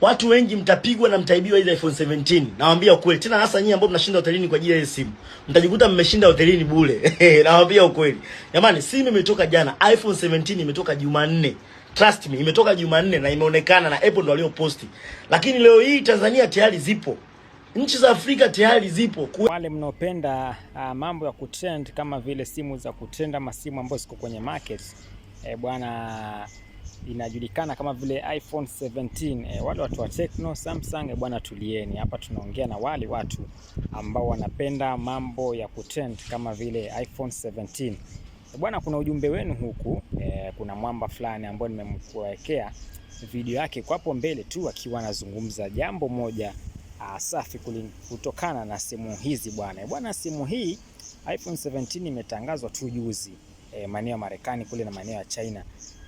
Watu wengi mtapigwa na mtaibiwa ile iPhone 17. Nawaambia ukweli. Tena hasa nyinyi ambao mnashinda hotelini kwa ajili ya simu. Mtajikuta mmeshinda hotelini bure. Nawaambia ukweli. Jamani, simu imetoka jana. iPhone 17 imetoka Jumanne. Trust me, imetoka Jumanne na imeonekana na Apple ndio walioposti. Lakini leo hii Tanzania tayari zipo. Nchi za Afrika tayari zipo. Wale mnaopenda uh, mambo ya kutrend kama vile simu za kutrend ama simu ambazo ziko kwenye market. Eh, bwana inajulikana kama vile iPhone 17. E, eh, wale watu wa Tecno, Samsung, eh, bwana tulieni hapa, tunaongea na wale watu ambao wanapenda mambo ya kutrend kama vile iPhone 17. E, eh, bwana kuna ujumbe wenu huku e, kuna mwamba fulani ambao nimemkuwekea video yake kwa hapo mbele tu akiwa anazungumza jambo moja a, ah, safi kutokana na simu hizi bwana. Bwana simu hii iPhone 17 imetangazwa tu juzi e, maeneo ya Marekani kule na maeneo ya China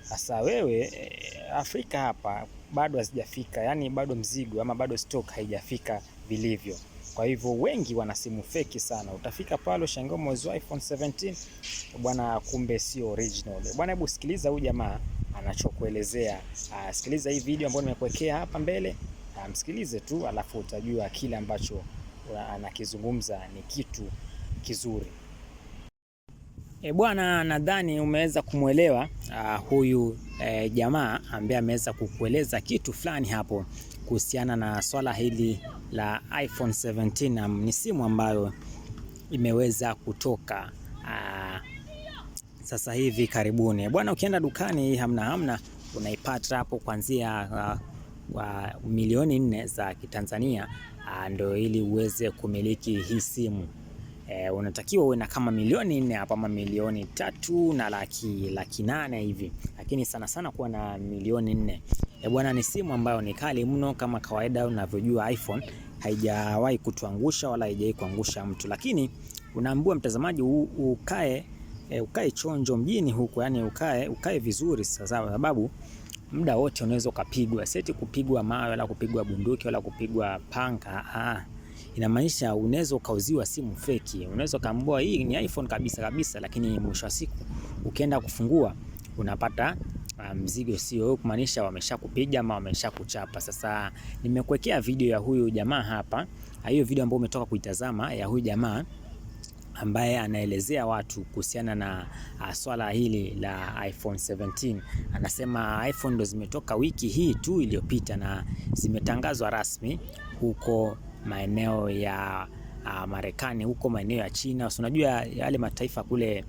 sasa wewe eh, Afrika hapa bado hazijafika, yani bado mzigo ama bado stock haijafika vilivyo. Kwa hivyo wengi wana simu feki sana. Utafika pale ushangaa mwezi iPhone 17 bwana, kumbe sio original bwana. Hebu sikiliza huyu jamaa anachokuelezea. Uh, sikiliza hii video ambayo nimekuwekea hapa mbele, uh, msikilize tu, alafu utajua kile ambacho ah, anakizungumza ni kitu kizuri. E, bwana nadhani umeweza kumwelewa uh, huyu e, jamaa ambaye ameweza kukueleza kitu fulani hapo kuhusiana na swala hili la iPhone 17. Ni simu ambayo imeweza kutoka uh, sasa hivi karibuni bwana, ukienda dukani hamna hamna unaipata hapo kuanzia uh, uh, milioni nne za Kitanzania uh, ndio ili uweze kumiliki hii simu e, unatakiwa uwe na kama milioni nne hapa ama milioni tatu na laki, laki nane hivi, lakini sana sana kuwa na milioni nne. E bwana, ni simu ambayo ni kali mno. Kama kawaida unavyojua, iPhone haijawahi kutuangusha wala haijawahi kuangusha mtu, lakini unaambua mtazamaji ukae E, ukae chonjo mjini huko, yani ukae ukae vizuri sasa, sababu muda wote unaweza ukapigwa, seti kupigwa mawe wala kupigwa bunduki wala kupigwa panga. ah inamaanisha unaweza ukauziwa simu feki, unaweza ukaambiwa hii ni iPhone kabisa kabisa, lakini mwisho wa siku ukienda kufungua unapata ah, mzigo um, sio kumaanisha wameshakupiga ama wameshakuchapa. Sasa nimekuwekea video ya huyu jamaa hapa, ah, hiyo video ambayo umetoka kuitazama ya huyu jamaa ambaye anaelezea watu kuhusiana na uh, swala hili la iPhone 17. Anasema iPhone ndo zimetoka wiki hii tu iliyopita na zimetangazwa rasmi huko maeneo ya uh, Marekani huko maeneo ya China. So unajua yale mataifa kule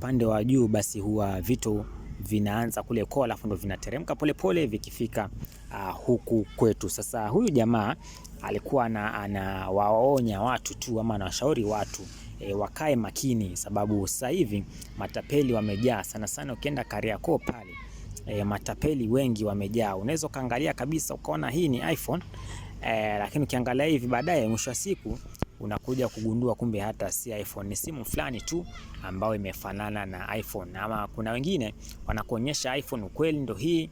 pande wa juu, basi huwa vitu vinaanza kule kwa, alafu ndo vinateremka polepole vikifika uh, huku kwetu. Sasa huyu jamaa alikuwa anawaonya watu tu ama anawashauri watu e, wakae makini, sababu sasa hivi matapeli wamejaa sana sana. Ukienda Kariakoo pale e, matapeli wengi wamejaa, unaweza ukaangalia kabisa ukaona hii ni iPhone eh, lakini ukiangalia hivi baadaye, mwisho wa siku unakuja kugundua kumbe hata si iPhone, ni simu fulani tu ambayo imefanana na iPhone, ama kuna wengine wanakuonyesha iPhone ukweli ndo hii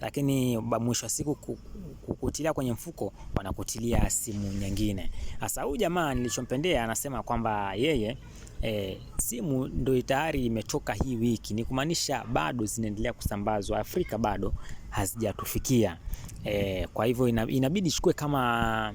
lakini mwisho wa siku kukutilia kwenye mfuko wanakutilia simu nyingine. Sasa huyu jamaa nilichompendea, anasema kwamba yeye e, simu ndio tayari imetoka hii wiki, ni kumaanisha bado zinaendelea kusambazwa Afrika, bado hazijatufikia e, kwa hivyo inabidi chukue kama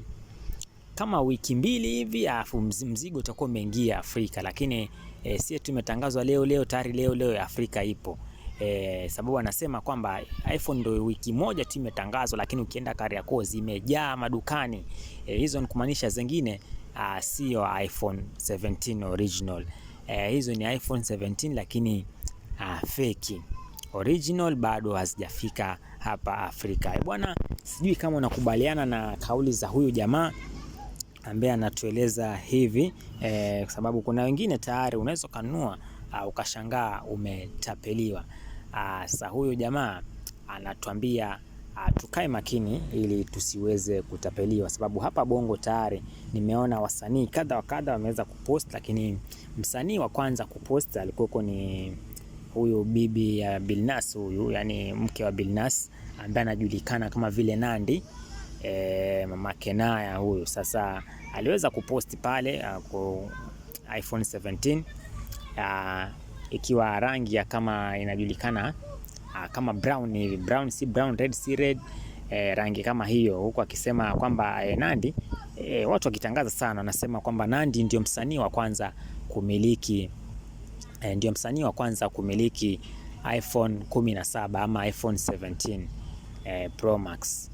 kama wiki mbili hivi, alafu mzigo utakuwa umeingia Afrika, lakini e, eh, sie tumetangazwa leo leo tayari leo leo Afrika ipo. E, sababu anasema kwamba iPhone ndio wiki moja tu imetangazwa, lakini ukienda Kariakoo zimejaa madukani e, hizo ni kumaanisha zingine uh, ah, sio iPhone 17 original. Uh, hizo ni iPhone 17 lakini uh, fake original bado hazijafika hapa Afrika eh, bwana. Sijui kama unakubaliana na kauli za huyu jamaa ambaye anatueleza hivi eh, kwa sababu kuna wengine tayari unaweza ukanunua uh, ukashangaa umetapeliwa. Uh, sa huyu jamaa anatuambia Ah, tukae makini ili tusiweze kutapeliwa, sababu hapa Bongo tayari nimeona wasanii kadha wa kadha wameweza kupost, lakini msanii wa kwanza kupost alikuwa ni huyu bibi ya Bilnas huyu, yani mke wa Bilnas ambaye anajulikana kama vile Nandi e, eh, mama Kenaya huyu. Sasa aliweza kupost pale ah, kwa iPhone 17 a, ah, ikiwa rangi ya kama inajulikana Ah, kama brown hivi, brown si brown, red si red, e, rangi kama hiyo, huku akisema kwamba e, eh, Nandy e, eh, watu wakitangaza sana wanasema kwamba Nandy ndio msanii wa kwanza kumiliki e, ndio msanii wa kwanza kumiliki iPhone 17 ama iPhone 17 e, Pro Max.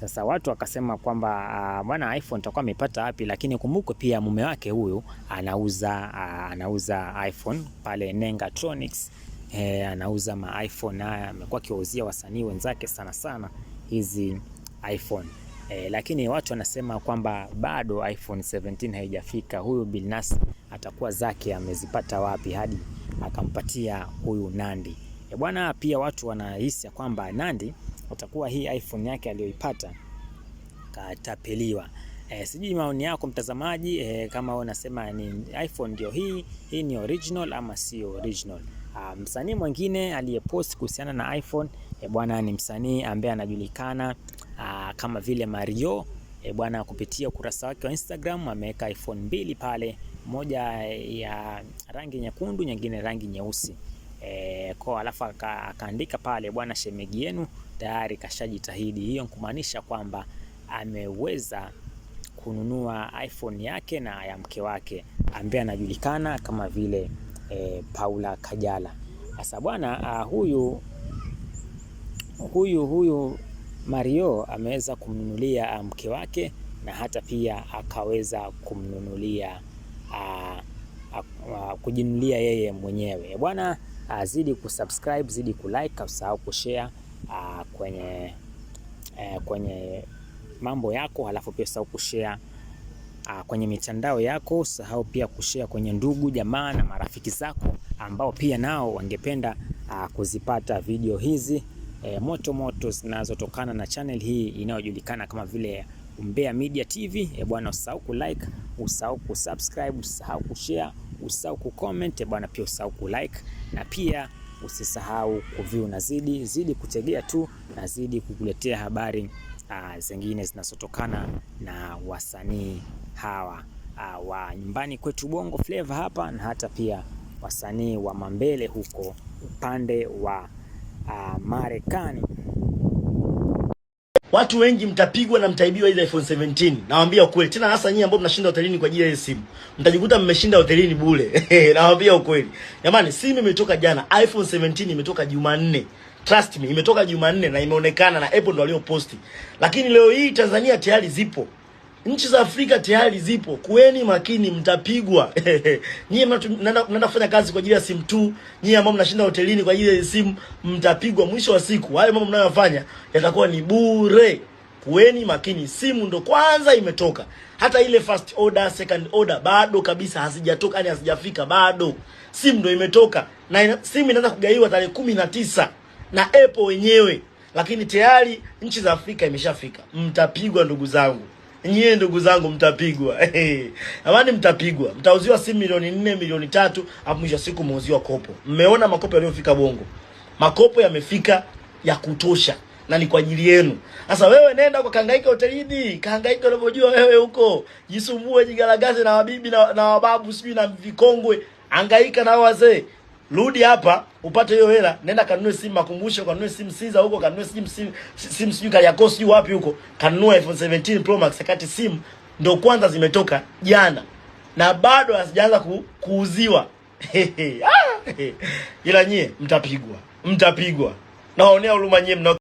Sasa watu wakasema kwamba ah, bwana, iPhone takuwa amepata wapi? Lakini kumbuke pia mume wake huyu anauza, ah, anauza iPhone pale Nenga e, anauza ma iPhone haya, amekuwa akiwauzia wasanii wenzake sana sana hizi iPhone e, lakini watu wanasema kwamba bado iPhone 17 haijafika. Huyu Bilnas atakuwa zake amezipata wapi hadi akampatia huyu Nandi? e, bwana. Pia watu wanahisi kwamba Nandi atakuwa hii iPhone yake aliyoipata katapeliwa. E, sijui maoni yako mtazamaji, e, kama unasema ni iPhone ndio hii, hii ni original ama sio original? Uh, msanii mwingine aliyepost kuhusiana na iPhone e bwana ni msanii ambaye anajulikana uh, kama vile Mario e bwana, kupitia ukurasa wake wa Instagram ameweka iPhone mbili pale, moja ya rangi nyekundu, nyingine rangi nyeusi e, kwa alafu akaandika pale bwana, shemegi yenu tayari kashajitahidi. Hiyo kumaanisha kwamba ameweza kununua iPhone yake na ya mke wake ambaye anajulikana kama vile e, Paula Kajala. Sasa bwana ah, huyu huyu huyu Mario ameweza kumnunulia ah, mke wake na hata pia akaweza kumnunulia a, ah, a, a, kujinunulia yeye mwenyewe eh, bwana. Zidi kusubscribe, zidi kulike, usahau kushare kwenye a, eh, kwenye mambo yako, halafu pia usahau kushare Ah, kwenye mitandao yako. Usahau pia kushare kwenye ndugu jamaa na marafiki zako ambao pia nao wangependa ah, kuzipata video hizi e, moto moto zinazotokana na channel hii inayojulikana kama vile Umbea Media TV. E eh, bwana, usahau ku like, usahau ku subscribe, usahau ku share, usahau ku comment. E bwana, pia usahau ku like na pia usisahau ku view, na zidi zidi kutegea tu na zidi kukuletea habari uh, zingine zinazotokana na wasanii hawa ah, wa nyumbani kwetu Bongo Flava hapa na hata pia wasanii wa mambele huko upande wa uh, Marekani. Watu wengi mtapigwa na mtaibiwa ile iPhone 17. Nawaambia ukweli. Tena hasa nyinyi ambao mnashinda hotelini kwa ajili ya simu. Mtajikuta mmeshinda hotelini bure. Nawaambia ukweli. Jamani, simu imetoka jana. iPhone 17 imetoka Jumanne. Trust me, imetoka Jumanne na imeonekana na Apple ndio walioposti. Lakini leo hii Tanzania tayari zipo. Nchi za Afrika tayari zipo, kueni makini, mtapigwa. Nyie mnaenda kufanya kazi kwa ajili ya simu tu, nyie ambao mnashinda hotelini kwa ajili ya simu, mtapigwa. Mwisho wa siku hayo mambo mnayofanya yatakuwa ni bure. Kueni makini, simu ndo kwanza imetoka, hata ile first order, second order bado kabisa hazijatoka, yani hazijafika bado. Simu ndo imetoka na ina, simu inaanza kugaiwa tarehe kumi na tisa na Apple wenyewe, lakini tayari nchi za Afrika imeshafika. Mtapigwa ndugu zangu nyie ndugu zangu mtapigwa amani, mtapigwa, mtauziwa simu milioni nne, milioni tatu, hapo mwisho siku muuziwa kopo. Mmeona makopo yaliyofika Bongo, makopo yamefika ya kutosha na ni kwa ajili yenu. Sasa wewe nenda kwa kangaika hotelini, kangaika unavyojua wewe huko, jisumbue, jigaragaze na wabibi na, na wababu sijui na vikongwe, angaika na wazee. Rudi hapa upate hiyo hela, nenda kanunue simu Makumbusho, kanunue simu Siza huko, kanunue simu simu simu sijui Kariakoo, sijui wapi huko, kanunue iPhone 17 Pro Max, akati simu ndio kwanza zimetoka jana na bado hazijaanza ku, kuuziwa ah! ila nyie mtapigwa, mtapigwa. Nawaonea huruma nyie mna